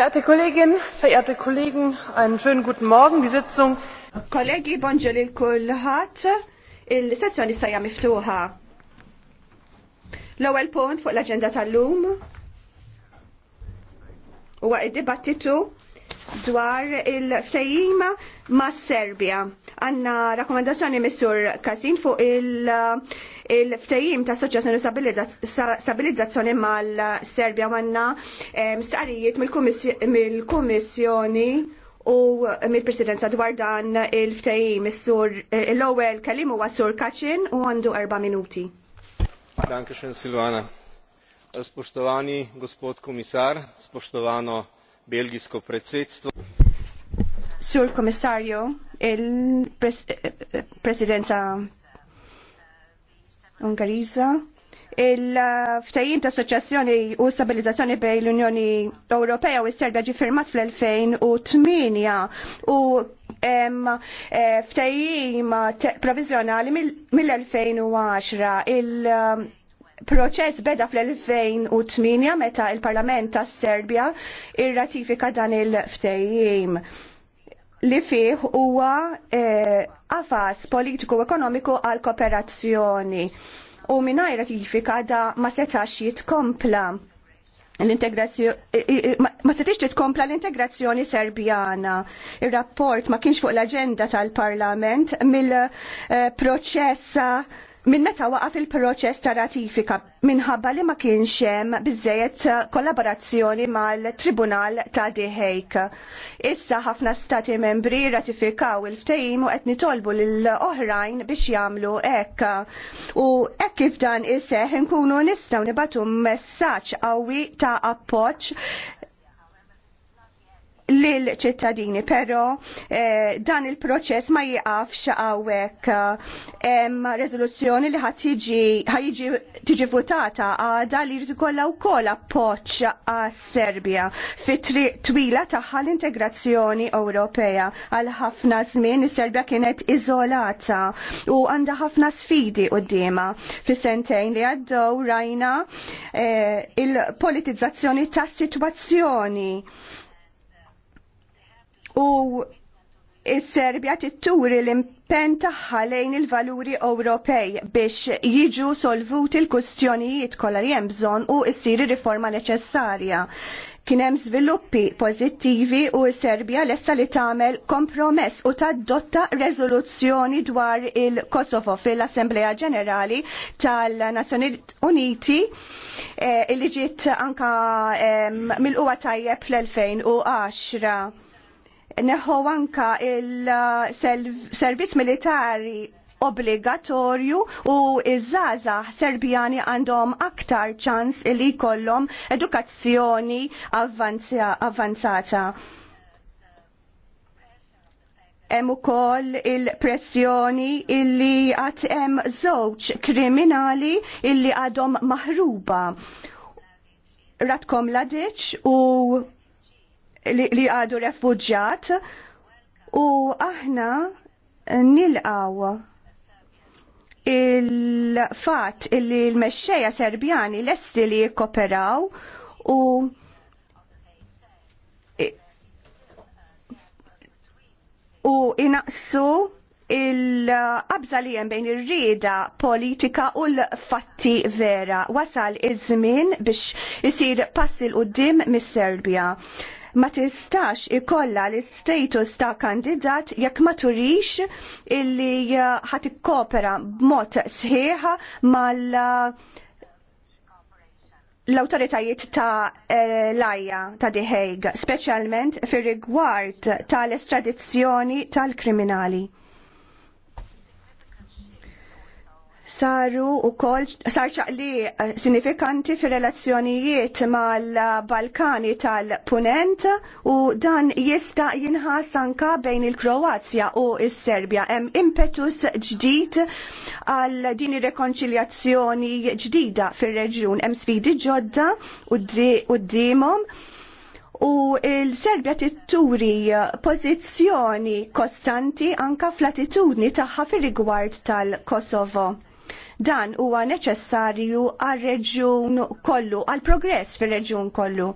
Verehrte Kolleginnen, verehrte Kollegen, einen schönen guten Morgen. Die Sitzung. Kollegi, bonġel il-kulħat. Il-sezzjoni sajja miftuħa. L-ewwel punt fuq l-aġenda tal-lum huwa id-dibattitu dwar il-ftehim ma' Serbia. Għanna rakkomandazzjoni Missur Kasin fuq il-ftajim il ta' soċjazzjoni stabilizzazzjoni mal-Serbia għanna eh, mstarijiet mill komissjoni u mill-Presidenza dwar dan il-ftajim eh, l-ewwel kalimu huwa Sur Kacin u għandu erba' minuti. Dankeschön Silvana. Spoštovani gospod komisar, spoštovano belgijsko predsedstvo, Sur Komissarju, il-Presidenza Ungarisa, il-ftajim uh, ta' u stabilizzazzjoni bej l-Unjoni Ewropea u s-Serbja ġi firmat fl-2008 u eh, ftajim provizjonali mill-2010 il- um, proċess beda fl-2008 meta il-Parlament tas serbja irratifika dan il-ftejjim li fih huwa eh, qafas e, politiku ekonomiku għal kooperazzjoni u mingħajr ratifika da ma setax jitkompla l-integrazzjoni eh, eh, ma setax jitkompla l-integrazzjoni serbjana. Ir-rapport ma kienx fuq l-aġenda tal-Parlament mill-proċessa Minn meta waqaf il-proċess ta' ratifika minħabba li ma kienx hemm biżejjed eh, kollaborazzjoni mal-Tribunal ta' The Hague. Issa ħafna stati membri ratifikaw il-ftehim u qed nitolbu lill oħrajn biex jagħmlu hekk. U hekk kif dan iseħ inkunu nistgħu nibatu messaġġ qawwi ta' appoġġ lil ċittadini, però eh, dan il-proċess ma jiqafx hawnhekk hemm rezoluzzjoni li ħadd tiġi ħajġi tiġi votata għada li jrid ikollha wkoll appoġġ għas-Serbja fit twila tagħha l-integrazzjoni Ewropea. Għal ħafna żmien is-Serbja kienet iżolata u għandha ħafna sfidi qudiema. Fis-sentejn li għaddew rajna eh, il-politizzazzjoni tas-sitwazzjoni u is-Serbja titturi l-impen tagħha lejn il-valuri Ewropej biex jiġu solvuti l-kustjonijiet kollha li hemm bżonn u ssir riforma neċessarja. Kien hemm żviluppi pożittivi u s-Serbja lesta li tagħmel kompromess u tadotta reżoluzzjoni dwar il-Kosovo fil-Assembleja Ġenerali tal-Nazzjonijiet Uniti eh, li ġiet anka eh, mill tajjeb fl-2010 neħu anka il-servizz militari obbligatorju u iż-żaza Serbjani għandhom aktar ċans li kollhom edukazzjoni avvanzata. Hemm ukoll il-pressjoni illi qatt hemm żewġ kriminali illi għadhom maħruba. Ratkom ladiċ u li għadu refugġat u aħna nilqaw il-fat illi l-mexxejja Serbjani lesti li jikkoperaw u u inaqsu il qabza li bejn ir-rieda politika u l-fatti vera wasal iż-żmien biex isir passi l qoddim mis-Serbja ma tistax ikolla l-status ta' kandidat jekk ma turix illi uh, ħat ikkopera b'mod sħiħ mal uh, l-autoritajiet ta' uh, lajja ta' diħejg, specialment fir rigward tal-estradizzjoni tal-kriminali. saru u kol sar ċaqli eh, sinifikanti fi relazzjonijiet mal-Balkani tal-Punent u dan jista jinħas anka bejn il-Kroazja u is serbja Hemm impetus ġdid għal din ir-rekonċiljazzjoni ġdida fir-reġjun. Hemm sfidi ġodda u d dimom u il-Serbja titturi pożizzjoni kostanti anka fl-attitudni tagħha fir-rigward tal-Kosovo. Dan huwa neċessarju għal-reġjun kollu, għal-progress fil-reġjun kollu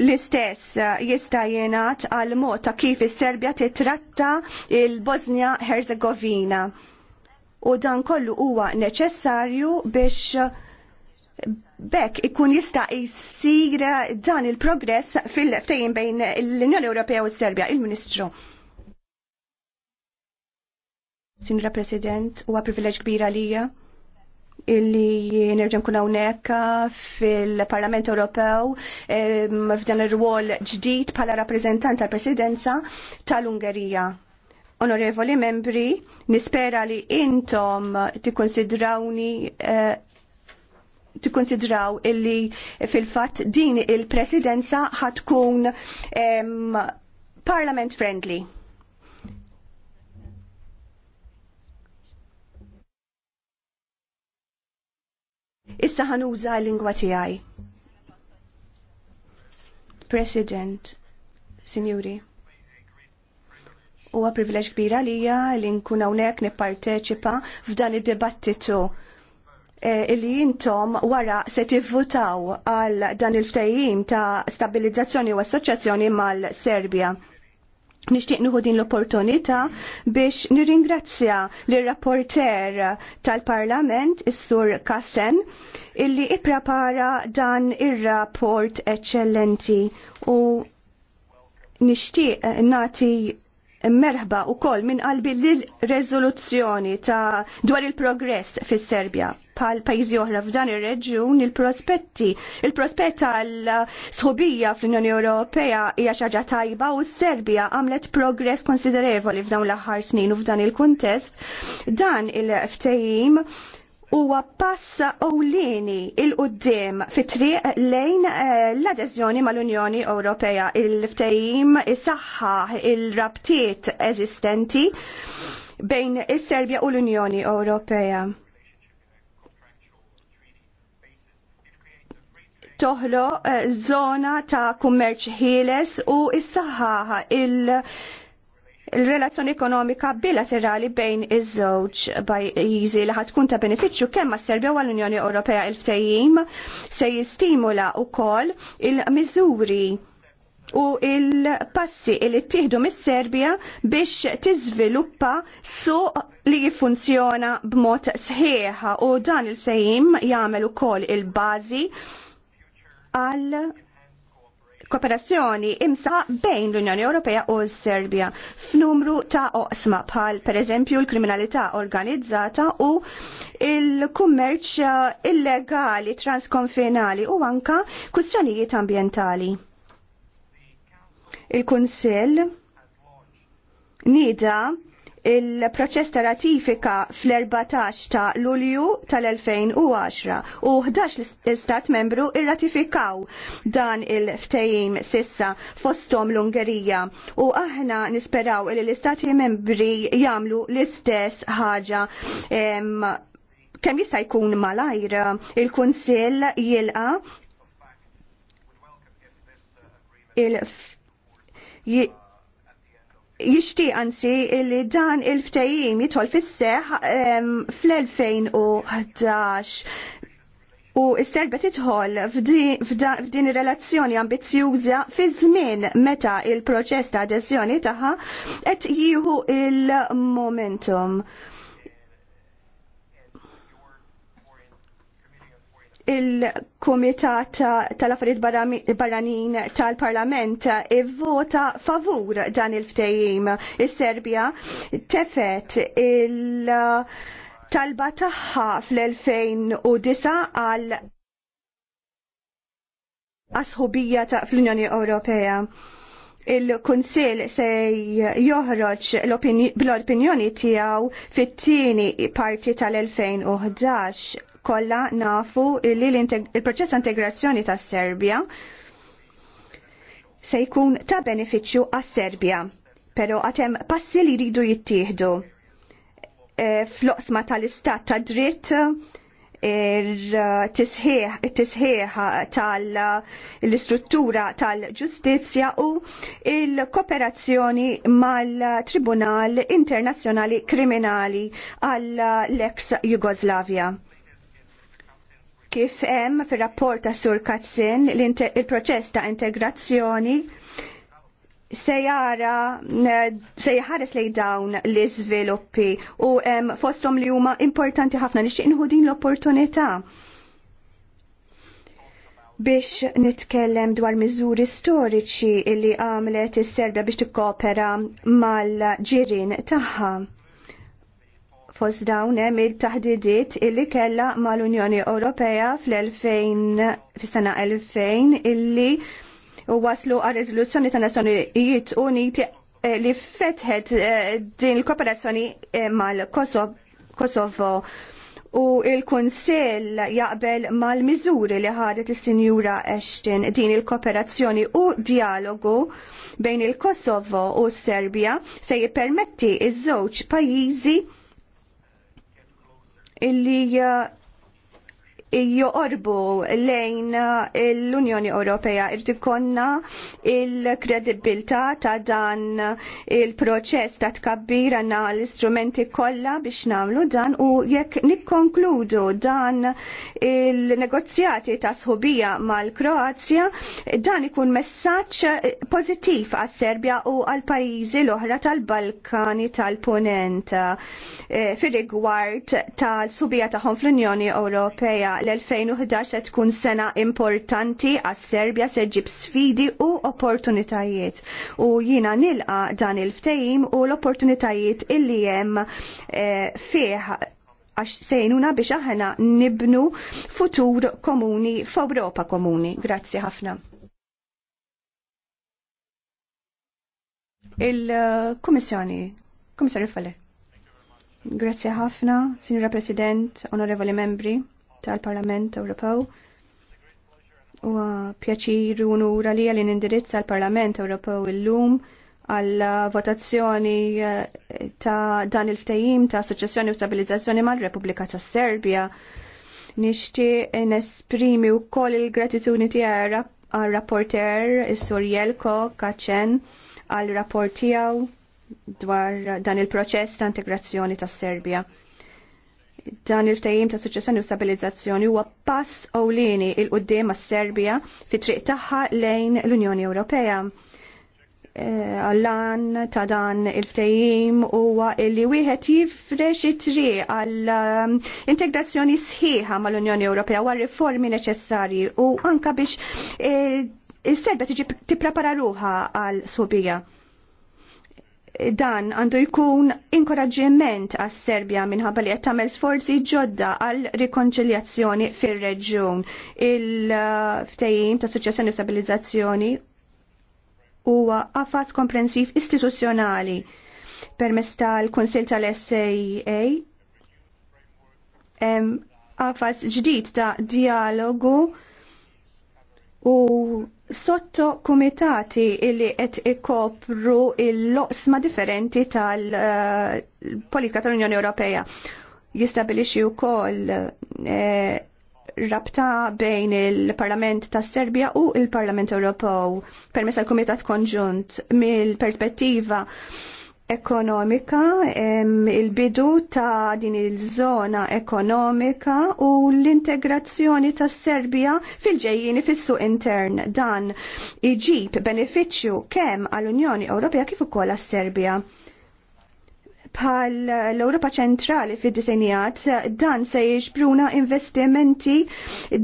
l-istess eh, jista' jingħad għal mod ta' kif is-Serbja titratta il-Bosnia Herzegovina. U dan kollu huwa neċessarju biex eh, bekk ikun jista' jsir dan il-progress fil-ftejn bejn l-Unjoni Ewropea u s-Serbja, il-Ministru. Sinra President, huwa privileġġ kbira lija illi nerġa' nkun hawnhekk fil-Parlament Ewropew f'dan ir-rwol ġdid bħala rappreżentant tal-Presidenza tal-Ungerija. Onorevoli membri, nispera li intom tikkonsidrawni eh, tikkonsidraw illi fil-fatt din il-presidenza ħatkun parlament friendly. Issa ħanuża l-lingwa tiegħi. President, Sinjuri. Huwa privileġġ kbira lija li nkun hawnhekk nipparteċipa f'dan id-dibattitu eh, li jintom wara se tivvutaw għal dan il ftajim ta' stabilizzazzjoni u assoċjazzjoni mal-Serbja. Nishtiq nuħu din l-opportunità biex nirringrazzja l-rapporter tal-Parlament, is-Sur Kassen, illi ipprapara dan ir-rapport eccellenti u nishtiq nati merħba u kol minn qalbi l-rezoluzzjoni ta' dwar il-progress fis serbja pal pajjiżi oħra f'dan ir-reġjun il-prospetti. Il-prospett tal-sħubija fl-Unjoni Ewropea hija xi ħaġa tajba u s-Serbja għamlet progress konsiderevoli f'dawn l-aħħar snin u f'dan il-kuntest dan il-ftehim il kuntest dan il il kuntest dan il ftehim huwa pass ewlieni il qudiem fit-triq lejn eh, l-adeżjoni mal-Unjoni Ewropea il-ftehim is-saħħa il-rabtiet eżistenti bejn is-Serbja u l-Unjoni Ewropea. toħlo eh, zona ta' kummerċ ħieles u s saħħa il- il-relazzjoni ekonomika bilaterali bejn iż-żewġ pajjiżi li ħatkun ta' benefiċċju kemm ma serbja u għall-Unjoni Ewropea il ftehim se jistimula wkoll il-miżuri u il-passi il ittieħdu mis-Serbja biex tiżviluppa suq li jiffunzjona b'mod sħiħ u dan il-fejjim jagħmel ukoll il-bażi għal kooperazzjoni imsa bejn l-Unjoni Ewropea u s-Serbja f'numru ta' oqsma bħal pereżempju l-kriminalità organizzata u il-kummerċ eh, illegali transkonfinali u anka kwistjonijiet ambjentali. Il-Kunsill nida il-proċess ta' ratifika fl-14 ta' Lulju tal-2010 u 11 l-Istat membru irratifikaw dan il-ftejim sissa fostom l-Ungerija u aħna nisperaw li l-Istati membri jamlu l-istess ħaġa kemm jista' jkun malajr il-Kunsill jilqa il jishti anzi li dan il ftajim jidħol fisseħ fl-2011 u s-serba titħol f'din ir-relazzjoni ambizjuża fi żmien meta il-proċess ta' adeżjoni tagħha qed jieħu il-momentum. il momentum il-Kumitat tal-Affarijiet Barranin tal-Parlament ivvota favur dan il-ftehim. Is-Serbja tefet il- talba tagħha fl-2009 għal asħubija ta' fl-Unjoni Ewropea il-Kunsil se joħroġ bl-opinjoni tiegħu fit-tieni parti tal-2011 kollha nafu li l proċess ta' integrazzjoni tas Serbja se jkun ta' benefiċċju għas Serbja, però għatem passi li jridu jittieħdu e, fl-oqsma tal-istat ta' dritt il-tisħiħ tal-istruttura tal-ġustizja u il-kooperazzjoni mal-Tribunal Internazzjonali Kriminali għall-ex Jugoslavja. Kif hemm fir-rapport ta' Sur Katzin il-proċess ta' integrazzjoni se jara se jħares lej dawn l iżviluppi u um, fostom li huma importanti ħafna nixtieq inħu din l-opportunità biex nitkellem dwar miżuri storiċi li għamlet is-Serbja biex tikkopera mal-ġirin tagħha fost dawn hemm il-taħdidiet illi kellha mal-Unjoni Ewropea fl-2000 fis-sena 2000 illi u waslu għal rezoluzzjoni ta' Nazzjonijiet Uniti eh, li fetħet eh, din l-kooperazzjoni eh, mal-Kosovo u il-Kunsell jaqbel mal-miżuri li ħadet is-Sinjura Ashton din il-kooperazzjoni u dialogu bejn il-Kosovo u s-Serbja se jippermetti iż-żewġ pajjiżi illi joqorbu lejn l-Unjoni Ewropea irti konna il-kredibilità ta' dan il-proċess ta' tkabbir għanna l-istrumenti kollha biex namlu dan u jekk nikkonkludu dan il-negozjati ta' sħubija mal-Kroazja dan ikun messaġġ pożittiv għas-Serbja u għal-pajjiżi l-oħra tal-Balkani tal-Ponent e, eh, fir-rigward tal-subija tagħhom fl-Unjoni Ewropea l-2011 se tkun sena importanti għas Serbja se ġib sfidi u opportunitajiet. U jina nilqa dan il-ftejim u l-opportunitajiet illi jem eh, fih għax sejnuna biex aħna nibnu futur komuni f'Ewropa komuni. Grazzi ħafna. il kumissjoni Kummissjoni Faller. Grazie ħafna, Signora President, Onorevoli Membri tal-Parlament Ewropew. U pjaċir u nura li għalin nindirizza l-Parlament Ewropew illum għal votazzjoni eh, ta' dan il-ftajim ta' Assoċjazzjoni u Stabilizzazzjoni mal-Repubblika ta' Serbia. Nishti nesprimi u koll il-gratituni tiegħi għal rapporter is-Sur Jelko Kaċen għal rapport tiegħu dwar dan il-proċess ta' integrazzjoni tas Serbia dan il-ftajim ta' suċessjoni u stabilizzazzjoni huwa pass ewlieni il qudiem mas serbja fi triq tagħha lejn l-Unjoni Ewropea. E, għallan ta' dan il-ftajim huwa li wieħed jifrex it-triq għall um, integrazzjoni sħiħa mal-Unjoni Ewropea war riformi neċessarji u anka biex e, il is-Serbja tiġi tipprepara ruħha għal subija dan għandu jkun inkoraġġiment għas serbja minħabba li qed tagħmel sforzi ġodda għal rikonċiljazzjoni fir-reġjun. Il-ftehim ta' suċċessjoni u stabilizzazzjoni huwa qafas komprensiv istituzzjonali permezz tal-Kunsill tal-SAA qafas ġdid ta' dialogu u sotto komitati illi qed ikopru il-loqsma differenti tal-politika eh, tal-Unjoni Ewropea jistabilixi wkoll e, rabta bejn il-Parlament tas Serbja u il-Parlament Ewropew permezz għal kumitat konġunt mill-perspettiva ekonomika, il-bidu ta' din il zona ekonomika u l-integrazzjoni ta' Serbija fil-ġejjini fil-su intern. Dan iġib benefiċċju kemm għall-Unjoni Ewropea kif ukoll għas-Serbja bħal l-Europa ċentrali fid disenjat dan se jiġbruna investimenti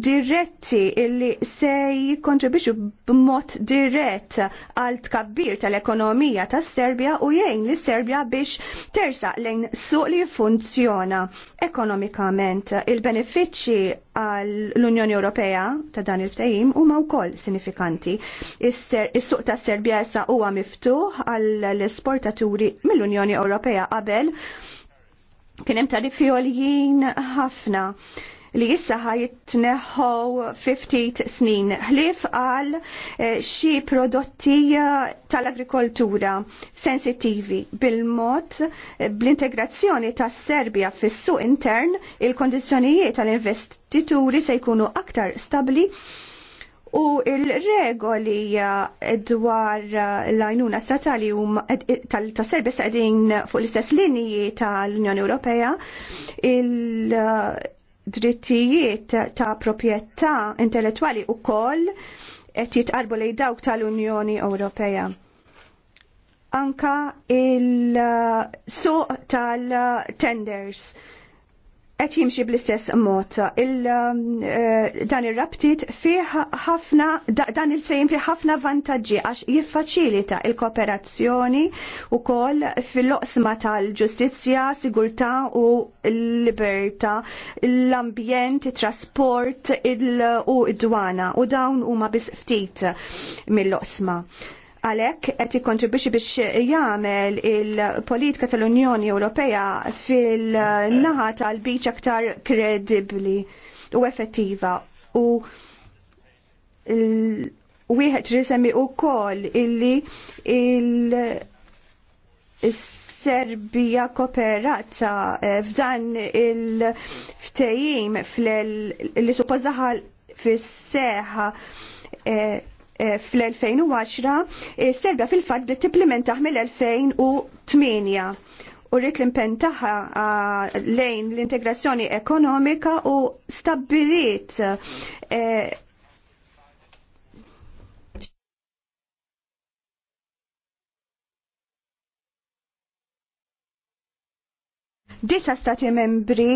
diretti illi se jikontribixu b'mod dirett għal tkabbir tal-ekonomija tas Serbja u jgħin li Serbja biex tersaq lejn suq li funzjona ekonomikament. Il-benefiċċji għall-Unjoni Ewropea ta' dan il ftehim huma wkoll sinifikanti. Is-suq ta' Serbja issa huwa miftuħ għall-esportaturi mill-Unjoni Ewropea qabel kien hemm tariffi għoljin ħafna li jissa ħajtneħħu 50 snin ħlif għal eh, xi prodotti eh, tal-agrikoltura sensittivi bil-mod eh, bl-integrazzjoni tas serbja fis-suq intern il-kondizzjonijiet tal-investituri se jkunu aktar stabli u il-regoli dwar l-għajnuna statali u tal serbia tal qegħdin fuq l-istess linji tal-Unjoni Ewropea il- drittijiet ta' proprjetà intellettwali wkoll qed jitqarbu lejn dawk tal-Unjoni Ewropea anka il-suq tal-tenders qed jimxi bl-istess mod. Um, eh, dan ir-rabtiet fih ħafna dan il-frejm fih ħafna vantaġġi għax jiffaċilita il-kooperazzjoni wkoll fil-loqsma tal-ġustizzja, sigurtà u l-libertà, l-ambjent, it-trasport u id dwana u dawn huma biss ftit mill-loqsma għalek qed jikkontribwixxi biex jagħmel il-politika tal-Unjoni Ewropea fil-naħa tal-biċ aktar kredibbli u effettiva u wieħed risemi wkoll illi il Serbija kooperata eh, f'dan il-ftejim li suppożaħal fis-seħħa eh, Eh, fl-2010, eh, Serbia fil-fat bdiet tipplimentaħ mill-2008 u rrit l-impen eh, lejn l-integrazzjoni ekonomika u stabbiliet Disa stati membri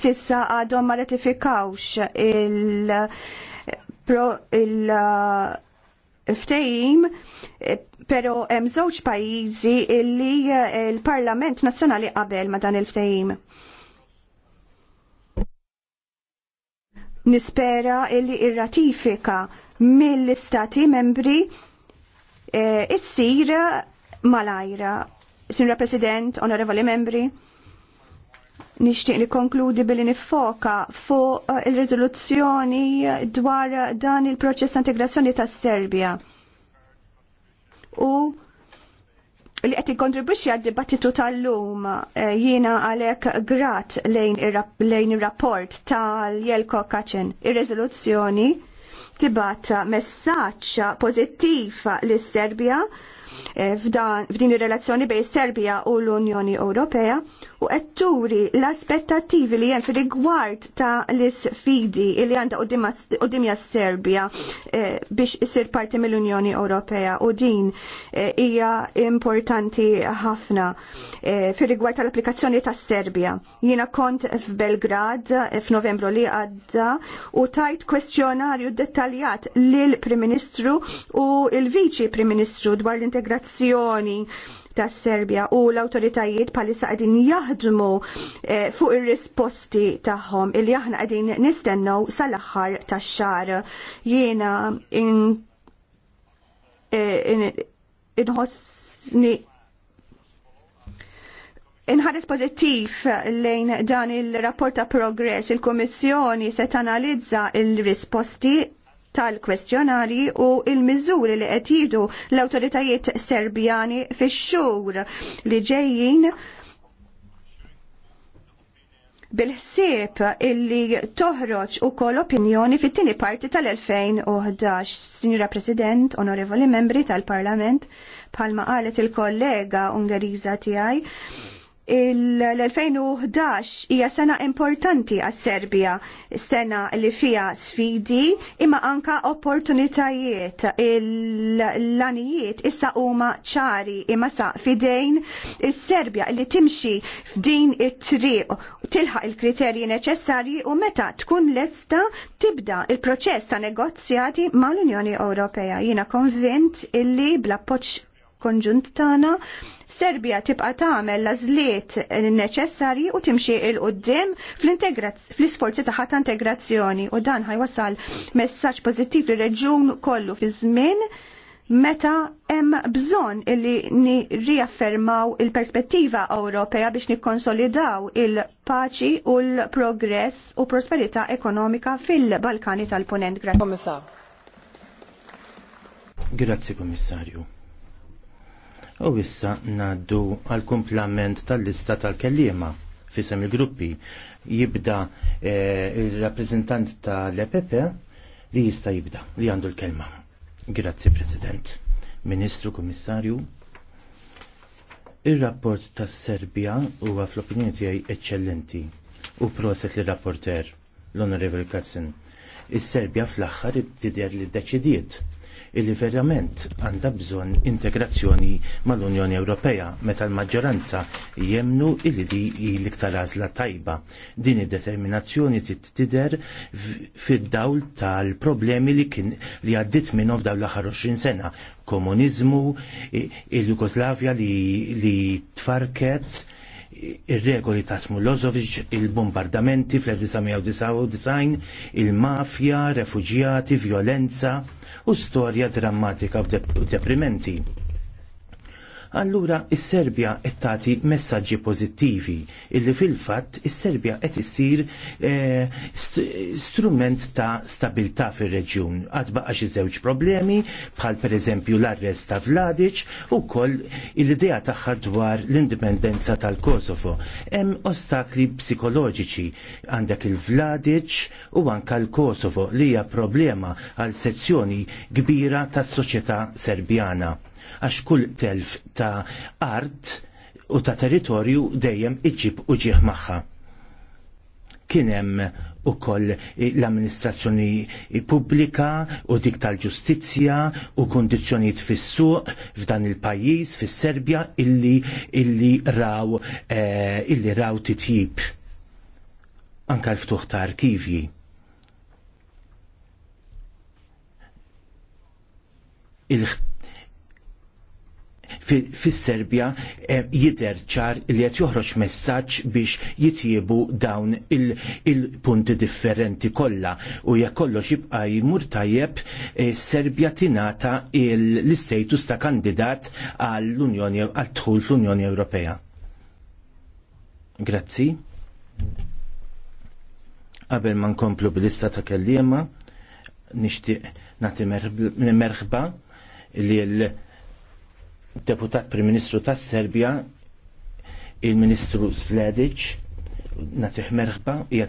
sissa għadhom ma ratifikawx il-pro il, pro, il ftehim, eh, pero hemm żewġ pajjiżi li eh, l-Parlament Nazzjonali qabel ma dan il-ftehim. Nispera li ir-ratifika mill-istati membri eh, issir malajra. Sinra President, onorevoli membri, Nixtieq nikkonkludi billi nifoka fuq eh, il-riżoluzzjoni dwar dan il-proċess ta' integrazzjoni tas-Serbja. U li qed ikkontribwixxi għad-dibattitu tal-lum eh, jiena għalhekk grat lejn ir-rapport tal-Jelko Kaċen ir-riżoluzzjoni tibata messaġġ pożittiv lis serbja f'din ir-relazzjoni bejn Serbija u l-Unjoni Ewropea u qed turi l-aspettattivi li hemm fir-rigward ta' l-isfidi li għandha qudiemja serbja eh, biex issir parti mill-Unjoni Ewropea u din eh, hija importanti ħafna eh, fir-rigward tal-applikazzjoni tas serbja Jiena kont f'Belgrad f'Novembru li għadda u tajt kwestjonarju dettaljat lill Prim Ministru u il-Viċi Prim Ministru dwar l-integrazzjoni integrazzjoni tas Serbja u l-autoritajiet palissa għedin jaħdmu eh, fuq ir-risposti il tagħhom illi aħna qegħdin nistennu sal-aħħar tax xar. Jiena in, eh, in, in, Inħares pozittiv lejn dan il-rapport ta' progress, il-Komissjoni se tanalizza il-risposti tal-kwestjonari u il-miżuri li qed jieħdu l-awtoritajiet Serbjani fix-xhur li ġejjin bil-ħsieb illi toħroġ u kol opinjoni fit-tieni parti tal-2011. Signora President, onorevoli membri tal-Parlament, palma qalet il-kollega Ungeriża tiegħi, l-2011 hija sena importanti għas serbja sena li fija sfidi imma anka opportunitajiet l-lanijiet issa huma ċari imma sa fidejn is-Serbja li timxi f'din it-triq tilħaq il-kriterji neċessarji u meta tkun lesta tibda il-proċess ta' negozjati mal-Unjoni Ewropea. Jiena konvint illi bla poċ konġunt tagħna. Serbia tibqa' tagħmel l azliet neċessarji u timxi il qudiem fl-isforzi tagħha ta' integrazzjoni u dan ħajwasal messaġġ pożittiv li reġjun kollu fi żmien meta hemm bżonn illi nirriaffermaw il-perspettiva Ewropea biex nikkonsolidaw il-paċi u l-progress u prosperità ekonomika fil-Balkani tal-Punent. Grazie. Grazie, Kommissarju. U issa naddu għal kumplament tal-lista tal-kellima fisem il-gruppi jibda eh, il-rappresentant tal-EPP li jista jibda li għandu l-kelma. Grazzi President, Ministru, Komissarju. Il-rapport tas serbja huwa fl-opinjoni tiegħi eċċellenti u proset li rapporter l-Onorevoli Katzen. Is-Serbja fl-aħħar dider li deċidiet illi verament għandha bżonn integrazzjoni mal-Unjoni Ewropea meta l-maġġoranza jemnu illi di l-iktar għażla tajba. Din id-determinazzjoni tittider fid-dawl tal-problemi li kien li għaddit minn f'dawl l-aħħar 20 sena. Komunizmu, il-Jugoslavja li, li tfarket, ir-regoli ta' Smulozovic, il-bombardamenti fl-1999, il-mafja, refugjati, violenza u storja drammatika u deprimenti allura s serbja qed tagħti messaġġi pożittivi illi fil-fatt is-Serbja qed issir eh, strument ta' stabilità fir-reġjun. Għad baqa' xi żewġ problemi bħal pereżempju l-arrest ta' Vladic u koll l-idea tagħha dwar l-indipendenza tal-Kosovo. Hemm ostakli psikoloġiċi għandek il vladiċ u anke l-Kosovo li hija problema għal sezzjoni kbira tas-soċjetà Serbjana għax kull telf ta' art u ta' territorju dejjem iġib u ġieħ magħha. Kien hemm ukoll l-amministrazzjoni pubblika u dik tal-ġustizzja u kundizzjonijiet fis-suq f'dan il-pajjiż fis-Serbja illi illi raw eh, illi raw titjib anka l-ftuħ ta' arkivji. il fis-Serbja eh, jidher ċar li qed joħroġ messaġġ biex jitjiebu dawn il-punti differenti kollha u jekk kollox jibqa' jmur tajjeb eh, Serbja tingħata l-istatus ta' kandidat għall-Unjoni għal-dħul fl-Unjoni Ewropea. Grazzi. Qabel ma nkomplu bil-lista ta' kelliema, nixtieq nagħti merħba li l- deputat Prim Ministru tas Serbja, il-Ministru Sledic, natih merħba,